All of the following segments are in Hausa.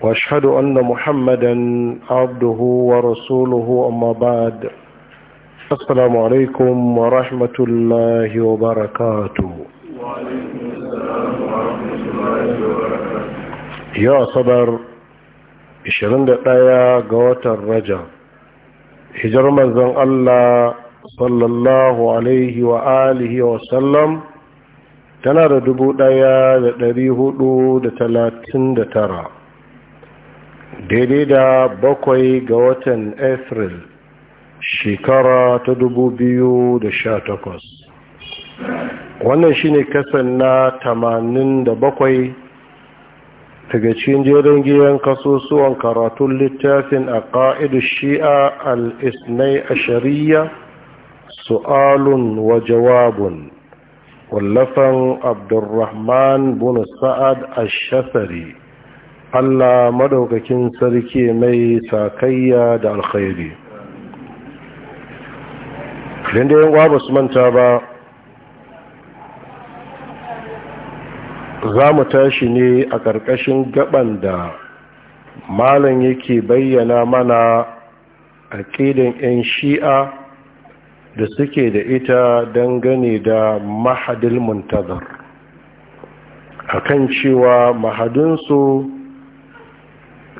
واشهد ان محمدا عبده ورسوله اما بعد السلام عليكم ورحمه الله وبركاته وعليكم السلام ورحمه الله وبركاته ga watan Rajab hijar manzon Allah sallallahu alaihi wa alihi wa sallam tana da dubu ɗaya da da ɗari hudu talatin tara. daidai da bakwai ga watan Afril shekara ta dubu biyu da sha takwas wannan shine kasan na tamanin da bakwai daga cikin jerin giyan kasusuwan karatun littafin a ƙa'idu shi'a al-isnai a shari'a su'alun wa jawabun wallafan abdurrahman bin sa'ad a shasari Allah maɗaukakin sarki mai sakayya da alkhairi idan da yawa ba su manta ba za mu tashi ne a ƙarƙashin gaban da malam yake bayyana mana aƙidan 'yan shi'a da suke da ita dangane da mahadin muntazar akan cewa mahadinsu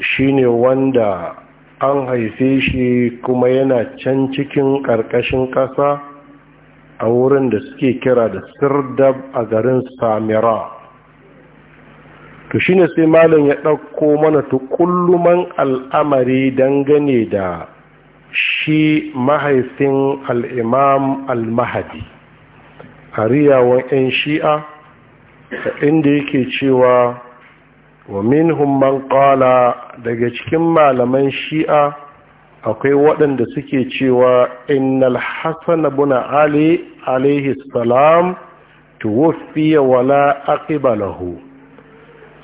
shine wanda an haife shi kuma yana can cikin ƙarƙashin ƙasa a wurin da suke kira da sirdab a garin samira to shine sai malam ya ɗauko mana tukulluman al'amari dangane da shi mahaifin al'imam al-mahadi a riyawan 'yan shi'a inda yake cewa wa min humman qala daga cikin malaman shi'a akwai waɗanda suke cewa innal hasan ibn ali alaihi salam tuwfiya wala aqiba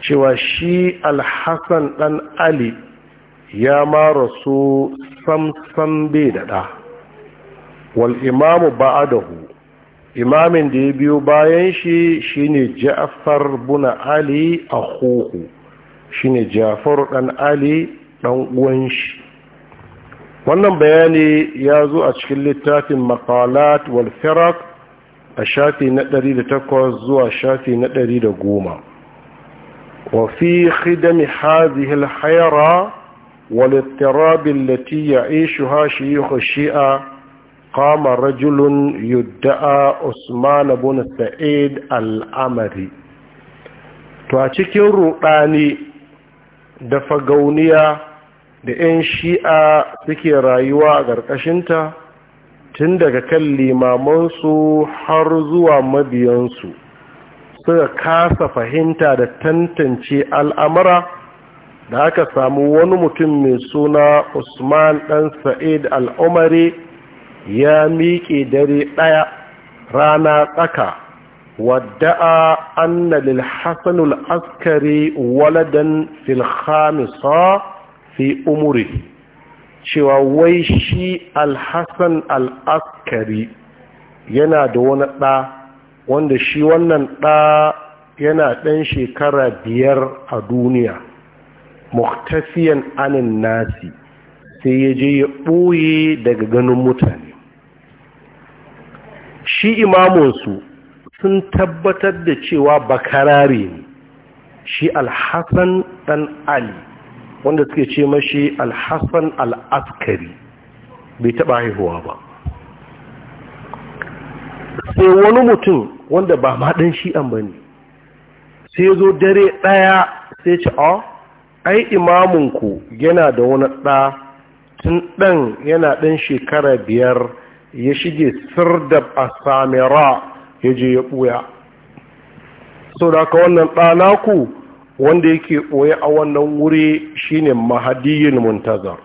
cewa shi alhassan ɗan ali ya ma rasu samsam bai daɗa wal imamu ba'adahu imamin da ya biyo bayan shi shine ja'far buna ali a huhu shine ja'far dan ali dan uwan shi wannan bayani ya zo a cikin littafin makalat wal a shafi na 108 zuwa shafi na 110 وفي خدم هذه الحيرة والاضطراب التي يعيشها شيوخ Shi'a. قام رجل يدعى عثمان بن سعيد الأمري to a cikin ruɗani da fagauniya da 'yan shi'a suke rayuwa a ƙarƙashinta tun daga kan limamansu har zuwa mabiyansu suka kasa fahimta da tantance al'amara da aka samu wani mutum mai suna usman dan sa'id al'umari ya miƙe dare ɗaya rana tsaka wadda'a anna lil hasanul askari waladan fil khamisa fi umuri cewa wai shi Alhassan al askari yana da wani ɗa wanda shi wannan ɗa yana ɗan shekara biyar a duniya muktafiyan anin nasi sai ya je ya ɓoye daga ganin mutane shi imamunsu sun tabbatar da cewa bakarare ne shi alhassan ɗan ali wanda suke ce mashi alhassan al'askari bai taɓa haihuwa ba sai wani mutum wanda ba ma ɗan shi'an ba ne sai zo dare ɗaya sai ce a ah, ai imamunku yana da wani ɗa tun ɗan yana ɗan shekara biyar ya shige sirdab asamira ya je ya ɓuya so da aka wannan ɗanaku wanda yake ɓoye a wannan wuri shine mahadiyin muntazar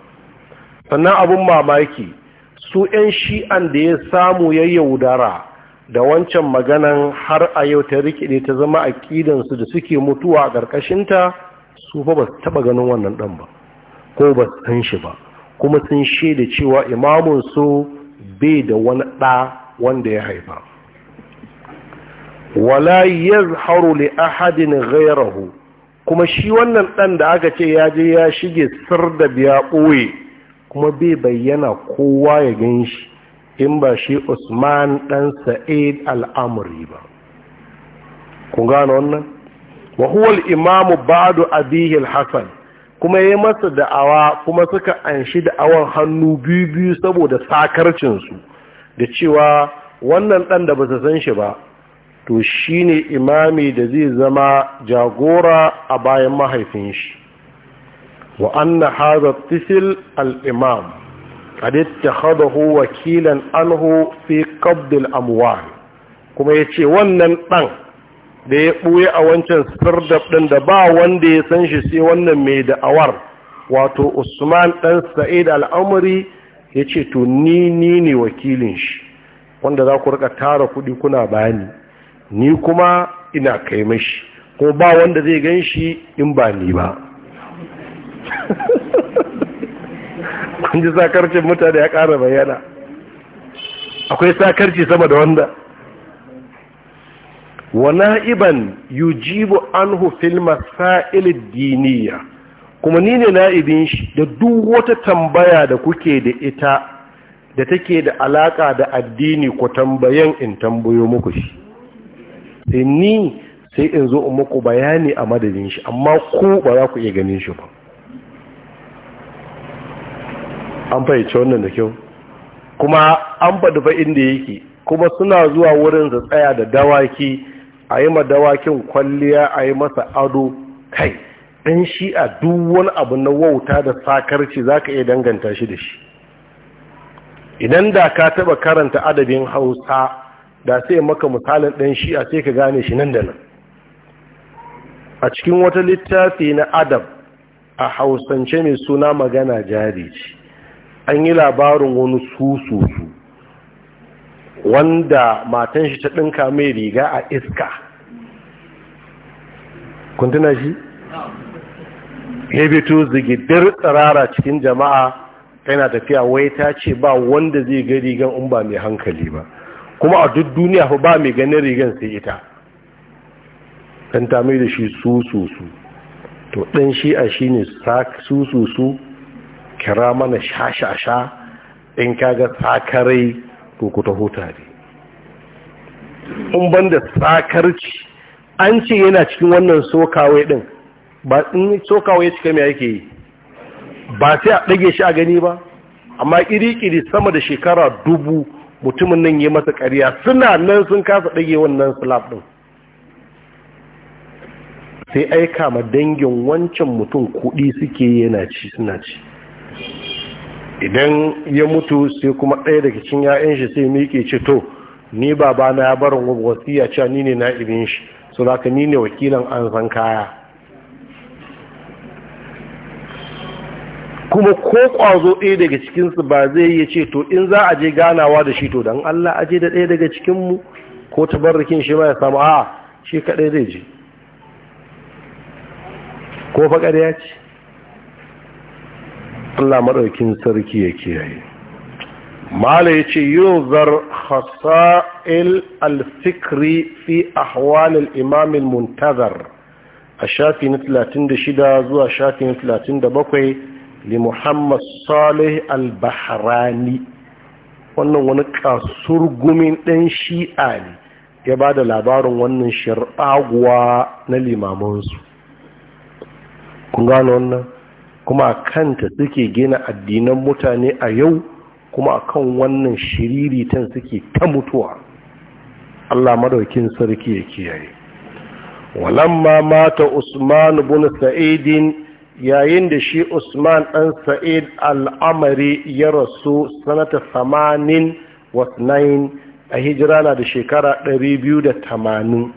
sannan abin mamaki su 'yan shi'an da ya samu ya yaudara da wancan maganan har a yau ta rikide ta zama a aƙidansu da suke mutuwa a ƙarƙashinta su fa ba su taɓa ganin wannan ɗan ba ko ba su san shi ba kuma sun shaida cewa imamunsu bai da wani ɗa wanda ya haifa wala yazharu li ahadin gairahu kuma shi wannan ɗan da aka ce ya je ya shige sir da biya ɓoye kuma bai bayyana kowa ya gan shi in ba shi usman ɗan sa'id al'amuri ba kun gano wannan wa imamu ba'du abihi al kuma ya masa da'awa kuma suka anshi da'awan hannu biyu biyu saboda sakarcinsu da cewa wannan ɗan da ba su san shi ba to shi ne imami da zai zama jagora a bayan mahaifin shi wa na hadha tisil al-imam haɗa hu wakilan anhu fi qabd amuwa Kuma ya ce wannan ɗan da ya ɓuye a wancan sirdab ɗin da ba wanda ya san shi sai wannan mai da'awar wato usman ɗan sa'id al'amuri ya ce to ni ni ne wakilin shi wanda za ku rika tara kuɗi kuna bani ni kuma ina kai mashi ko ba wanda zai gan shi in ba ni ba kun ji sakarci mutane ya ƙara bayyana akwai sakarci sama da wanda wa na'iban yujibu anhu fil masail diniya kuma ni ne na'ibin shi da duk wata tambaya da kuke da ita da take da alaƙa da addini ku tambayen in tambayo muku shi sai ni sai in zo muku bayani a madadin shi amma ku ba za ku iya ganin shi ba an fahimci wannan da kyau kuma an faɗi fa inda yake kuma suna zuwa wurin tsaya da dawaki a yi ma dawakin kwalliya a yi masa ado kai ɗan shi a duk wani abu na wauta da sakarci za ka iya danganta shi da shi idan da ka taɓa karanta adabin hausa da sai maka misalin ɗan shi a sai ka gane shi nan da nan a cikin wata littafi na adab a hausance mai suna magana jari ce an yi labarin wani sususu wanda matan shi ta ɗinka mai riga a iska kun shi? ya fito zigidar tsirara cikin jama'a yana tafiya wai ta ce ba wanda zai ga rigan in ba mai hankali ba kuma a duk duniya fa ba mai ganin rigan sai ita ɗan ta mai da shi su su su to ɗan shi'a shi ne su su su kira mana sha sha sha ɗin kaga sakarai ko ku taho tare in ban da tsakarci an ce yana cikin wannan sokawai din ba in sokawai ya cika mai yake yi ba sai a ɗage shi a gani ba amma ƙiri-ƙiri sama da shekara dubu mutumin nan ya masa ƙariya suna nan sun kasa ɗage wannan slab ɗin sai aika ma dangin wancan mutum kuɗi suke yana ci suna ci idan ya mutu sai kuma ɗaya daga cikin ya'yan shi sai miƙe ce to ni baba na ya barin wasiya cewa ni ne na ibin shi so zaka ni ne wakilan an san kaya kuma ko ƙwazo ɗaya daga cikinsu ba zai yi ce to in za a je ganawa da shi to don Allah a je da ɗaya daga cikinmu ko tabarrikin shi ma ya samu a shi kaɗai zai je ko faƙar ya ce Allah maɗaukin sarki ya kiyaye mala ya ce yin zar hasa'il alfikri fi ahwalil imamil muntazar a shafi na 36 zuwa shafi na 37 li muhammad salih al-bahrani wannan wani gumin ɗan shi'a ne ya ba da labarin wannan shir'aguwa na limamansu kun gano wannan kuma kanta suke gina addinan mutane a yau kuma a kan wannan shiriritan suke ta mutuwa Allah madaukin sarki ya kiyaye walamma mata Usman ibn Sa'id yayin da shi Usman dan Sa'id al al'amari ya rasu sanata 89 a hijira na da shekara 280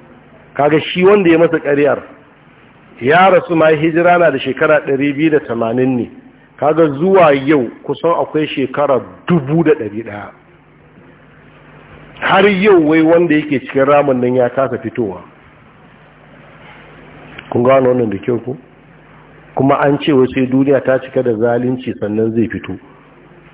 kaga shi wanda ya masa ƙaryar ya rasu ma hijira na da shekara 280 ne kaga zuwa yau kusan akwai shekara 1100 har yau wai wanda yake cikin ramin nan ya kasa fitowa kun gano wannan da kyau ku kuma an ce sai duniya ta cika da zalunci sannan zai fito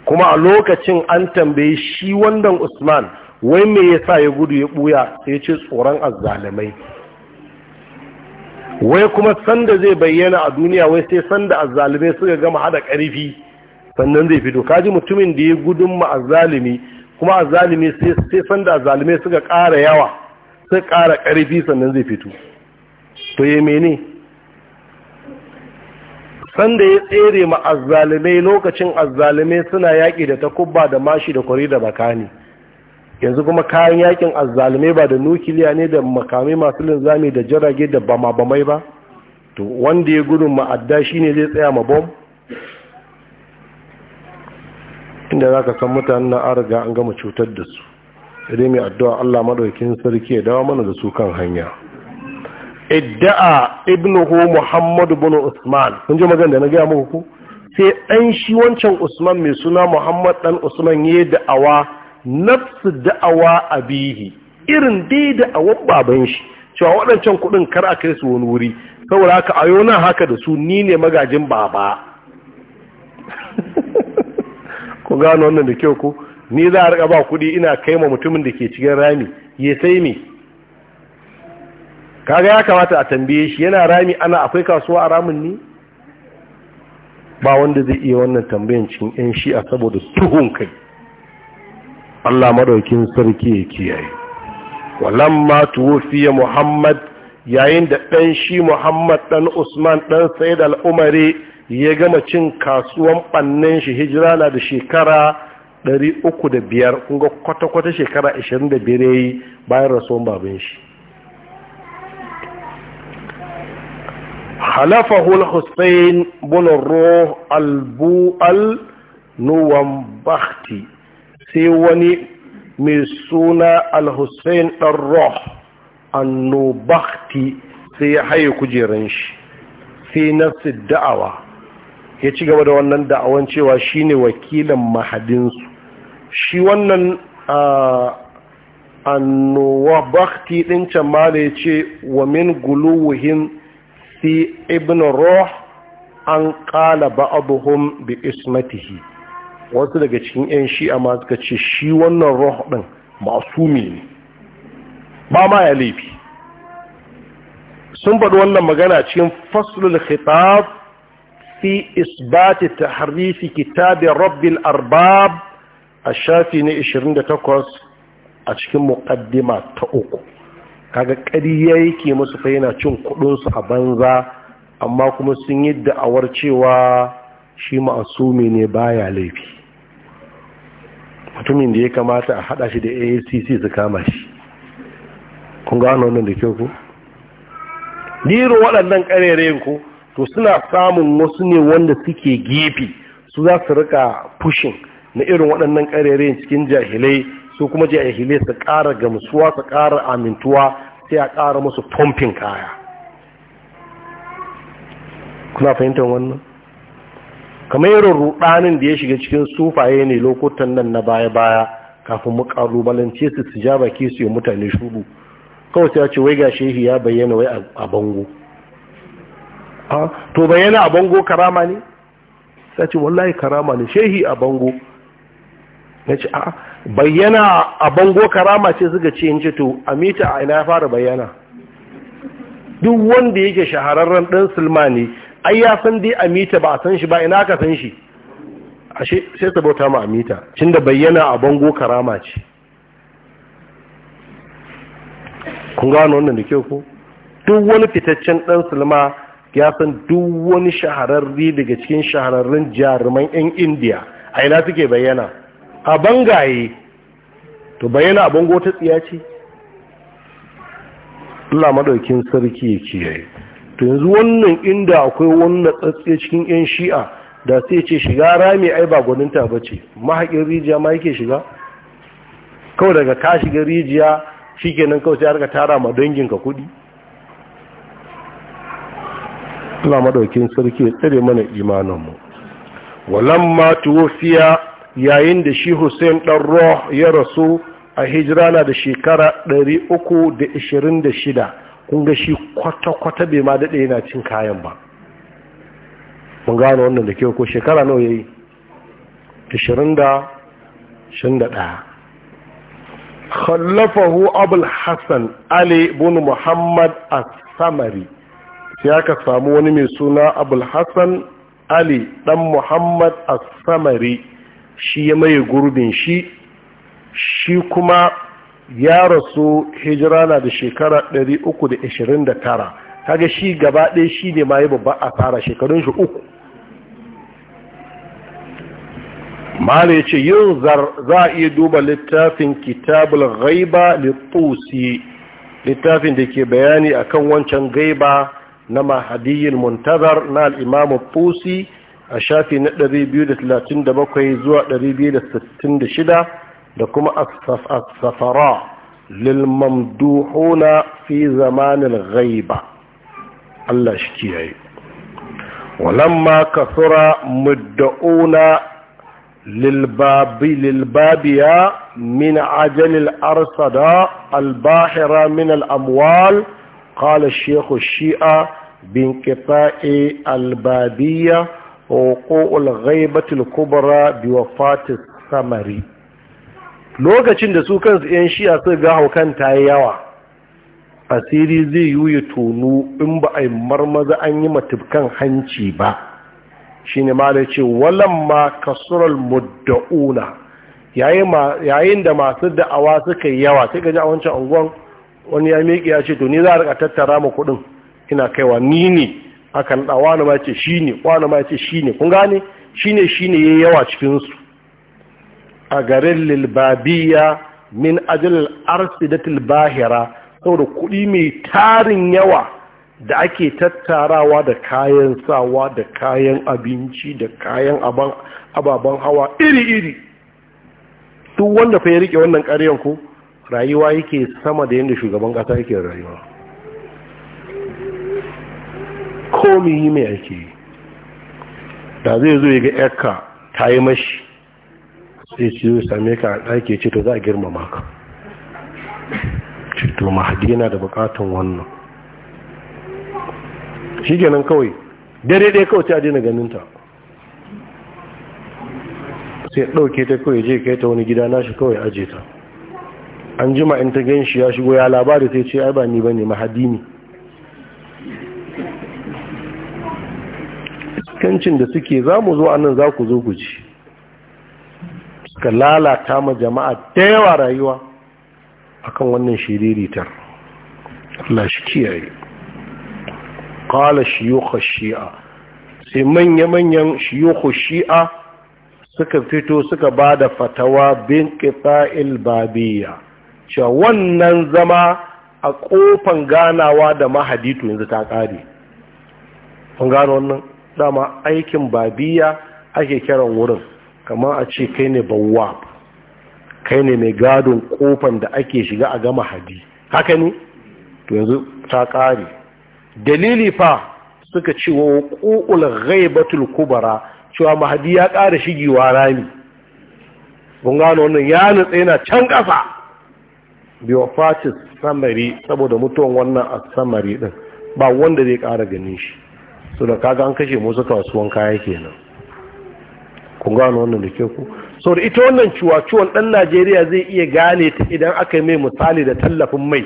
kuma a lokacin an tambaye shi wandan usman wai me yasa ya gudu ya buya sai ya ce tsoron azzalumai wai kuma sanda zai bayyana a duniya wai sai sanda azzalumai suka gama hada karfi sannan zai fito kaji mutumin da ya gudun ma azzalumi kuma azzalumi sai sanda azzalumai suka ƙara yawa suka ƙara karfi sannan zai fito to ya mene sanda ya tsere ma azzalumai lokacin azzalumai suna yaƙi da takubba da mashi da kwari da bakani yanzu kuma kayan yakin azzalumai ba da nukiliya ne da makamai masu linzami da jirage da bama-bamai ba to wanda ya gudun ma'adda shi ne zai tsaya ma bom inda za ka san mutanen na arga an gama cutar da su idan mai addu'a Allah maɗaukin sarki ya dawa mana da su kan hanya idda'a ibnuhu Muhammadu bin usman kun ji magana da na gaya muku sai ɗan shi wancan usman mai suna muhammad ɗan usman ya da'awa nafsu da'awa a bihi irin dai da'awan baban shi cewa waɗancan kuɗin kar a kai su wani wuri saboda haka ayo nan haka da su ni ne magajin baba ku gano wannan da kyau ku ni za a riƙa ba kuɗi ina kai ma mutumin da ke cikin rami ya sai me kaga ya kamata a tambaye shi yana rami ana akwai kasuwa a ramin ni ba wanda zai iya wannan tambayan cikin 'yan shi'a saboda tuhun kai Allah madaukin sarki ya kiyaye walamma tuwfiya Muhammad yayin da ɗan shi Muhammad ɗan Usman ɗan Sayyid al-Umari ya gama cin kasuwan ɓannin shi hijira na da shekara 305 kun ga kwata-kwata shekara 25 yayi bayan rasuwan babin shi حلفه Ruh al-Bu'al Nuwan النومبختي sai wani mai suna al-hussein ɗan roh annobakti sai ya haye kujeran shi sai na da'awa ya ci gaba da wannan da'awan cewa shi ne wakilin mahadinsu shi wannan annobakti ɗin can mala ya ce wa min guluwuhin sai ibn roh an ƙala ba'aduhum bi ismatihi wasu daga cikin 'yan shi'a ma suka ce shi wannan roh ɗin masu ne ba ma ya laifi sun faɗi wannan magana cikin faslul khitab fi isbati ta harifi, kitabin rabbin arbab a shafi na 28 a cikin muƙaddima ta uku kaga ƙariya yake musu fa yana cin kuɗinsu a banza amma kuma sun yi da'awar cewa shi ma'asumi ne baya laifi mutumin da ya kamata a hada shi da AACC su kama shi kun ga wannan da kyau ku dirin waɗannan ƙarerayen ku to suna samun wasu ne wanda suke gefe su za su rika fushin na irin waɗannan ƙarerayen cikin jahilai su kuma jahilai su ƙara gamsuwa su ƙara amintuwa sai a ƙara musu fomfin kaya kuna fahimtar wannan kamar irin rudanin da ya shiga cikin sufaye ne lokutan nan na baya-baya kafin mu balance su su ja baki su yi mutane shudu kawai sai ya ce wai ga shehi ya bayyana wai a bango to bayyana a bango karama ne sai ce wallahi karama ne shehi a bango na ce a bayyana a bango karama ce suka ce in ce to amita a ina ya fara bayyana duk wanda yake shahararren dan sulmani ne ai ya san dai amita ba a san shi ba ina ka san shi ashe sai ta bauta ma amita cin da bayyana a bango karama ce kun gano wannan da kyau ko duk wani fitaccen dan sulma ya san duk wani shahararri daga cikin shahararrun jaruman yan indiya a ina suke bayyana a bangaye to bayyana a bango ta tsiya ce Allah madaukin sarki ya kiyaye to yanzu wannan inda akwai wannan tsatse cikin yan shi'a da sai ce shiga rami ai ba gwaninta ba ce mahaƙin rijiya ma yake shiga kawai daga ka shiga rijiya shi ke nan kawai sai harka tara ma danginka kuɗi Allah madaukin sarki ya tsare mana imaninmu walamma tuwafiya yayin da shi Hussein dan Roh ya rasu a hijira na da shekara 326 kun ga shi kwata-kwata bai ma daɗe yana cin kayan ba mun gano wannan da kyau ko shekara nawa ya yi 21 khallafahu abul hassan ali bin muhammad a samari sai aka samu wani mai suna abul hassan ali dan muhammad a samari shi ya maye gurbin shi shi kuma ya rasu hijira na da shekara 329 kaga shi gaba ɗaya shi ne ma yi a asara shekarun shi uku mala ya ce yin za a iya duba littafin kitabul ghaiba littusi littafin da ke bayani akan wancan gaiba na mahadiyin muntazar na al'imamu tusi a shafi na 237 zuwa 266 لكم السفراء للممدوحون في زمان الغيبة الله شكيعي ولما كثر مدعون للباب للبابية من عجل الأرصدة الباحرة من الأموال قال الشيخ الشيعة بانقطاع البابية وقوع الغيبة الكبرى بوفاة السمري lokacin da su kansu 'yan shi'a su ga haukan ta yi yawa asiri zai yi ya tonu in ba a yi marmaza an yi matubkan hanci ba shi ne ma da ce ma kasurar muda'una yayin da masu da'awa suka yi yawa sai gaji a wancan unguwan wani ya miƙi ya ce to ni za a rika tattara ma kuɗin ina kaiwa ni ne akan ɗawa na ma ce shi ne wani ma ce shi ne kun gane shi ne shi ne ya yawa cikinsu a garin lilbabiya min ajalil arsidatil bahira saboda kuɗi mai tarin yawa da ake tattarawa da kayan sawa da kayan abinci da kayan ababen hawa iri-iri duk wanda fa ya rike wannan ƙaryan ku rayuwa yake sama da yadda shugaban ƙasa yake rayuwa komi mai ake da zai zo ya ga yarka ta yi mashi sai ciyo same ka a ɗaki ce to za a girmama ka ce to mahadi yana da bukatun wannan shi kenan kawai dare ɗaya kawai ta dina ganinta sai ɗauke ta kawai je kai ta wani gida nashi kawai aje ta an jima in ta gan shi ya shigo ya labari sai ce ai ba ni bane mahadi ne kancin da suke za mu zo nan za ku zo ku ci ka lalata ma jama'a da yawa rayuwa akan wannan shiriritar Allah shi kiyaye qala shiyukhu shi'a sai manya-manyan shiyukhu shi'a suka fito suka bada fatawa bin qita'il babiyya cewa wannan zama a kofan ganawa da mahadi yanzu ta kare kun gano wannan dama aikin babiyya ake kiran wurin kamar a ce kai ne bawwa kai ne mai gadon kofan da ake shiga a gama hadi haka ne to yanzu ta ƙare dalili fa suka ce wa ƙo'ul ghaibatul kubara cewa mahadi ya ƙara shigewa rami kun gano wannan ya nutsa yana can ƙasa biyo samari saboda mutuwan wannan a samari din ba wanda zai ƙara ganin shi so da kaga an kashe musu kasuwan kaya kenan kun gano wannan da ke ku da ita wannan ciwon ɗan najeriya zai iya gane ta idan aka yi mai misali da tallafin mai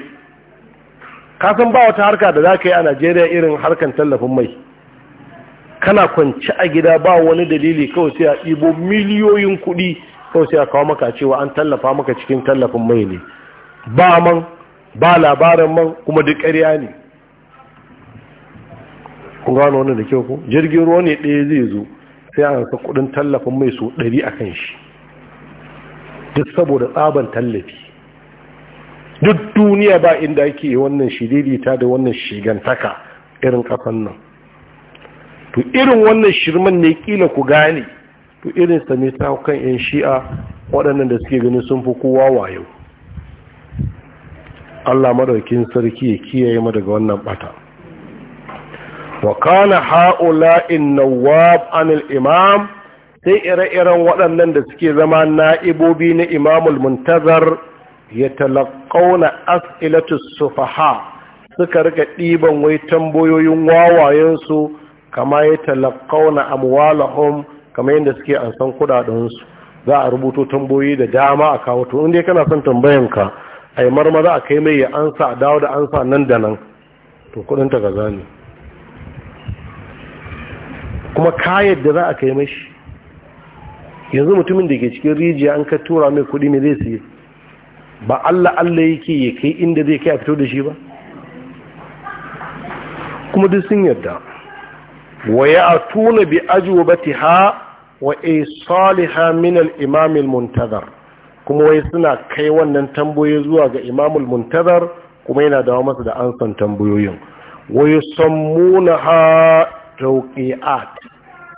Ka san ba wata harka da za ka yi a najeriya irin harkan tallafin mai kana kwanci a gida ba wani dalili kawai sai a ɗibo miliyoyin kuɗi kawai sai a kawo maka cewa an tallafa maka cikin tallafin mai ne ba man ba labarin man kuma duk ƙarya ne kun gano wannan da kyau ku. jirgin ruwa ne ɗaya zai zo sai an ka kudin tallafin mai su ɗari a kan shi duk saboda tsaban tallafi duk duniya ba inda ake wannan shiririta da wannan shigantaka irin kafan nan to irin wannan shirman ne kila ku gane to irin sa ne ta kan yan shi'a waɗannan da suke gani sun fi kowa wayo Allah madaukin sarki ya kiyaye ma daga wannan bata wa kana ha'ula'in nawab anil imam sai ire-iren waɗannan da suke zama na'ibobi na imamul muntazar ya talakauna as'ilatus sufaha suka rika ɗiban wai tambayoyin wawayensu kama ya talakauna amwalahum kama yadda suke an san kudadensu za a rubuto tambayoyi da dama a kawo to inda kana son tambayanka a yi marmara a kai mai ya ansa a dawo da ansa nan da nan to kudinta ga zane kuma kayar da za a kai mashi yanzu mutumin da ke cikin rijiya an ka tura mai kudi ne zai siye ba Allah Allah yake ya kai inda zai kai a fito da shi ba kuma duk sun yarda wa tuna bi ha? wa saliha min al-imam al-muntazar kuma wai suna kai wannan tamboyi zuwa ga imam al-muntazar kuma yana dawo masa da ansan tambayoyin wa yusammunaha at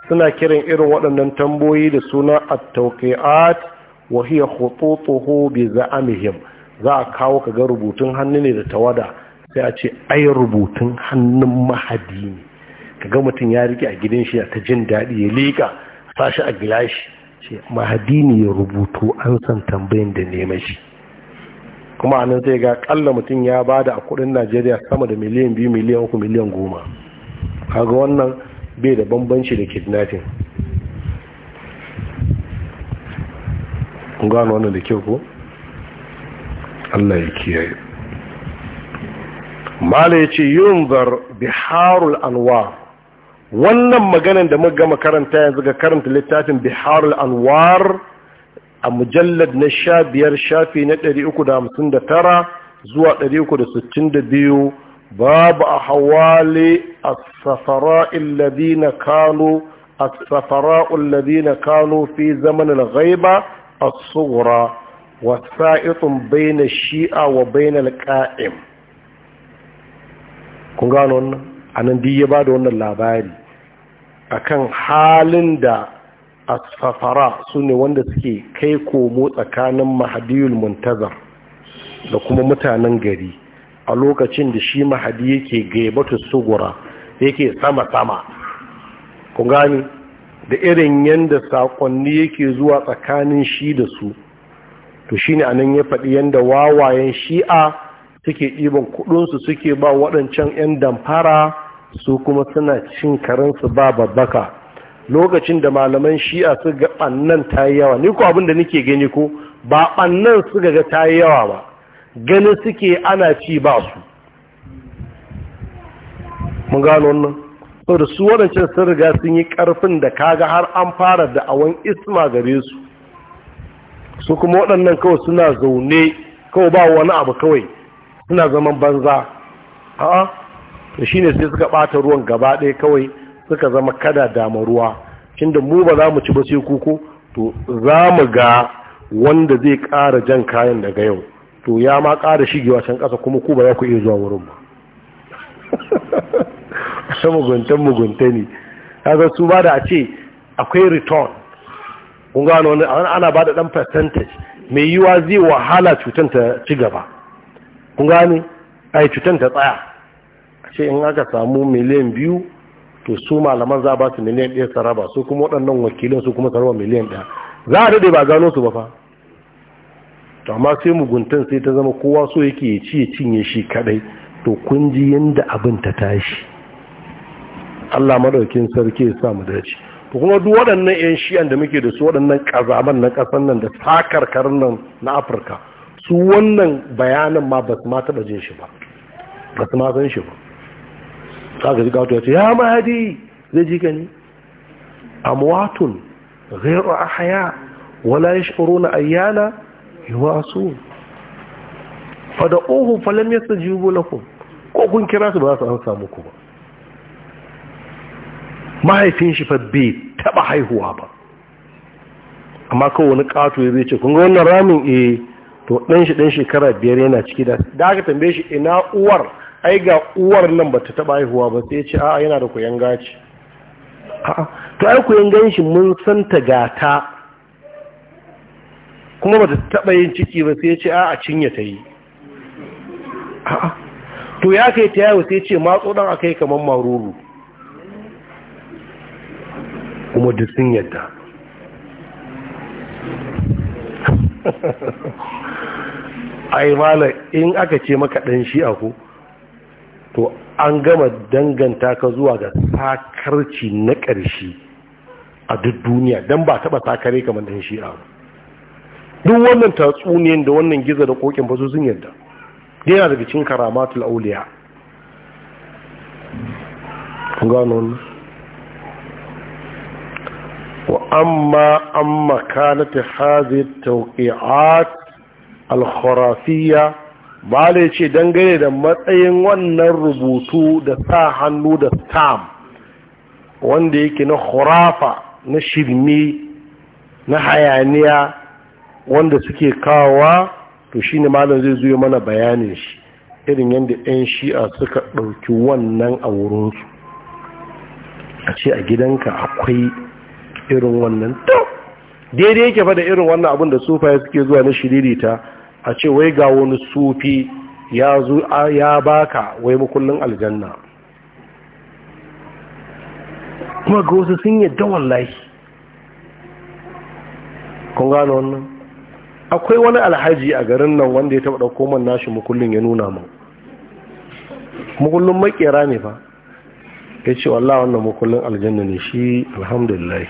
suna kiran irin waɗannan tamboyi da suna at-tawqi'at wa hiya khututuhu bi za'amihim za a kawo kaga rubutun hannu ne da tawada sai a ce ai rubutun hannun mahadi ne kaga mutum ya rike a gidan shi ta jin daɗi ya liƙa sashi a gilashi ce mahadi ne ya rubutu an san tambayin da neman shi kuma anan sai ga kalla mutum ya bada a kudin najeriya sama da miliyan biyu miliyan uku miliyan goma kaga wannan bai da bambanci da kidnapping gano wannan da kyau ko Allah ya kiyaye mala ya ce yunzar biharul anwar wannan maganan da muka gama karanta yanzu ga karanta littafin biharul anwar a mujallad na sha biyar shafi na 359 zuwa 362 babu a hawali a safara'in ladina kano a safara'un ladina kano fi zamanin ghaiba a tsura wasa'itun baina shi'a wa bainal ka'im kun gano wannan anan duk ya bada wannan labari akan halin da a safara sune wanda suke kai komo tsakanin mahadiyul muntazar da kuma mutanen gari a lokacin da shi mahadi yake gaibatu sugura yake sama-sama ku gani da irin yadda sakonni yake zuwa tsakanin shi da su to shi ne anan ya faɗi yadda wawayen shi'a suke ɗiban kudinsu suke ba waɗancan 'yan damfara su kuma suna cin karansu ba babbaka lokacin da malaman shi'a su ga ɓannan ta yi yawa ni ku abin da nake gani ko ba ɓannan su ga ta yi yawa ba ganin suke ana ci ba su mun gano wannan sau su waɗancan sun riga sun yi ƙarfin da kaga har an fara da awon isma gare su su kuma waɗannan kawai suna zaune kawai ba wani abu kawai suna zaman banza a'a da shine sai suka ɓata ruwan gaba ɗaya kawai suka zama kada dama ruwa cin da mu ba za mu ci ba sai kuku to za mu ga wanda zai ƙara jan kayan daga yau to ya ma ƙara shigewa can ƙasa kuma ku ba za ku iya zuwa wurin ba ta muguntan mugunta ne ya su ba da a ce akwai return kun gano wani ana ba da ɗan percentage mai yiwa zai wahala cutar ta ci gaba kun gane ai cutar ta tsaya a ce in aka samu miliyan biyu to su malaman za ba su miliyan ɗaya saraba su kuma waɗannan wakilin su kuma saraba miliyan ɗaya za a daɗe ba gano su ba fa to amma sai muguntan sai ta zama kowa so yake ya ci ya cinye shi kadai to kun ji yanda abin ta tashi Allah madaukin sarki ya sa mu dace to kuma duk waɗannan yan shi'an da muke da su waɗannan kazaman na kasan nan da takarkar nan na Afirka su wannan bayanan ma ba su ma taɓa jin shi ba ba su ma san shi ba kaga ga wato ya ce ya mahadi zai ji gani amwatun ghayru ahya wala yashuruna ayyana yuwasu fa da ohun falam yastajibu lakum ko kun kira su ba za su amsa muku ba mahaifin shi fa bai taba haihuwa ba amma kawai wani kato ya zai ce kun ga wannan ramin eh to dan shi ɗan shekara biyar yana ciki da da aka tambaye shi ina uwar ai ga uwar nan ba ta taba haihuwa ba sai ya ce a'a yana da koyan gaci a'a to ai koyan gan mun san ta gata kuma ba ta taɓa yin ciki ba sai ce a cinye ta yi to ya kai ta yawo sai ce matso ɗan a kai kamar maruru kuma duk sun yadda ai mala in aka ce maka ɗan shi a ku to an gama danganta ka zuwa ga sakarci na ƙarshe a duk duniya don ba taɓa sakare kamar ɗan shi a ku duk wannan tatsuniyan da wannan gizo da kokin ba sun yarda da yana daga cikin karamatul auliya gano wa amma amma kanat hadhihi tawqi'at al-khurafiyya ba da ce dangane da matsayin wannan rubutu da sa hannu da stam wanda yake na khurafa na shirme na hayaniya wanda suke kawa to shi ne malam zai zuyo mana bayanin shi irin yadda 'yan shi'a suka ɗauki wannan a wurinsu a ce a gidanka akwai irin wannan daidai yake fada irin wannan abin da ya suke zuwa na shiririta a ce wai ga wani sufi ya zo ya baka wai makullin aljanna kuma ga wasu sun yadda wallahi kun gano wannan akwai wani alhaji a garin nan wanda ya taba dauko man nashi mukullin ya nuna mu mukullin makera ne fa ya ce wallahi wannan mukullin aljanna ne shi alhamdulillah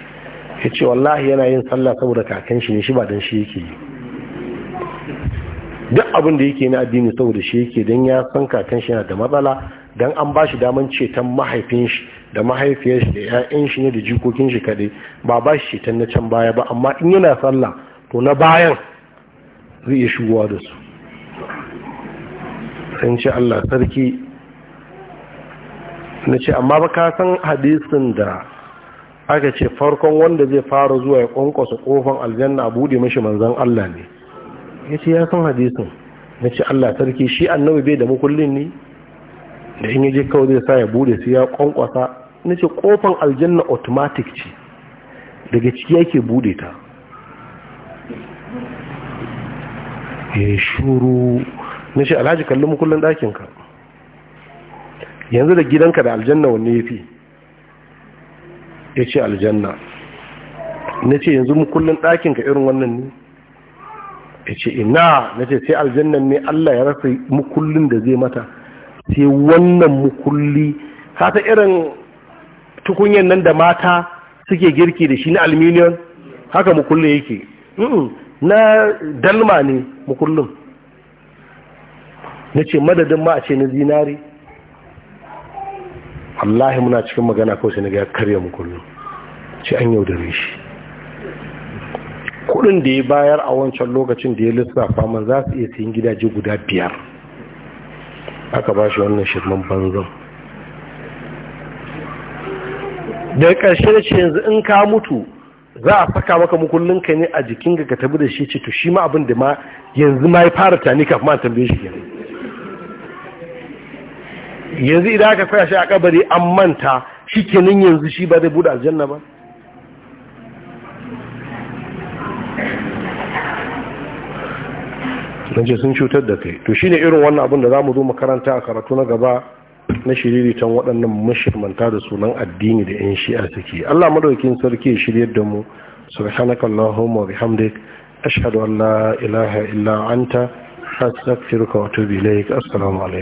ya ce wallahi yana yin sallah saboda kakan shi ne shi ba dan shi yake yi duk abin da yake na addini saboda shi yake don ya san kakan shi yana da matsala don an ba shi daman ceton mahaifin shi da mahaifiyar shi da ƴaƴan shi ne da jikokin shi kaɗai ba ba shi ceton na can baya ba amma in yana sallah to na bayan zai iya shigowa da su sun ce Allah sarki na ce amma ba ka san hadisin da aka ce farkon wanda zai fara zuwa ya ƙwanƙwasa kofan aljanna a bude mashi manzan Allah ne ya ce ya san hadisin na ce Allah sarki shi annabi bai da makullin ne da in yaje kawai zai sa ya bude su ya kwankwasa na ce kofan aljanna automatic ce daga ciki yake bude ta ya shuru na shi alhaji kalli mukullin ɗakinka yanzu da gidanka da aljanna wanne ya fi ya ce aljanna na ce yanzu mukullin ɗakinka irin wannan ne ya ce ina na ce sai aljannan ne allah ya rasa mukullin da zai mata sai wannan mukulli sata irin tukunyen nan da mata suke girki da shi na alminiyon haka mukullin yake na dalma ne mukullin na ce madadin ma a ce na zinari Allah muna cikin magana kawai sai na gaya karya mukullin ce an yaudare shi kudin da ya bayar a wancan lokacin da ya lissafa man za su iya sayin gidaje guda biyar aka ba shi wannan shirman banzan da ƙarshe da ce yanzu in ka mutu za a saka maka mukullin ka ne a jikin ka tabi da shi ce to shi ma abin da ma yanzu ma ya fara tani kafin ma tambaye shi kenan yanzu idan aka kwaya shi a kabari an manta shi kenan yanzu shi ba zai bude aljanna ba sun sun cutar da kai to shi ne irin wannan abin da za mu zo makaranta a karatu na gaba na shiriritan waɗannan mashirmanta da sunan addini da 'yan shi'a suke Allah madaukin sarki shiryar da mu subhanakallahumma wa bihamdik ashhadu an la ilaha illa anta astaghfiruka wa atubu ilaik assalamu alaikum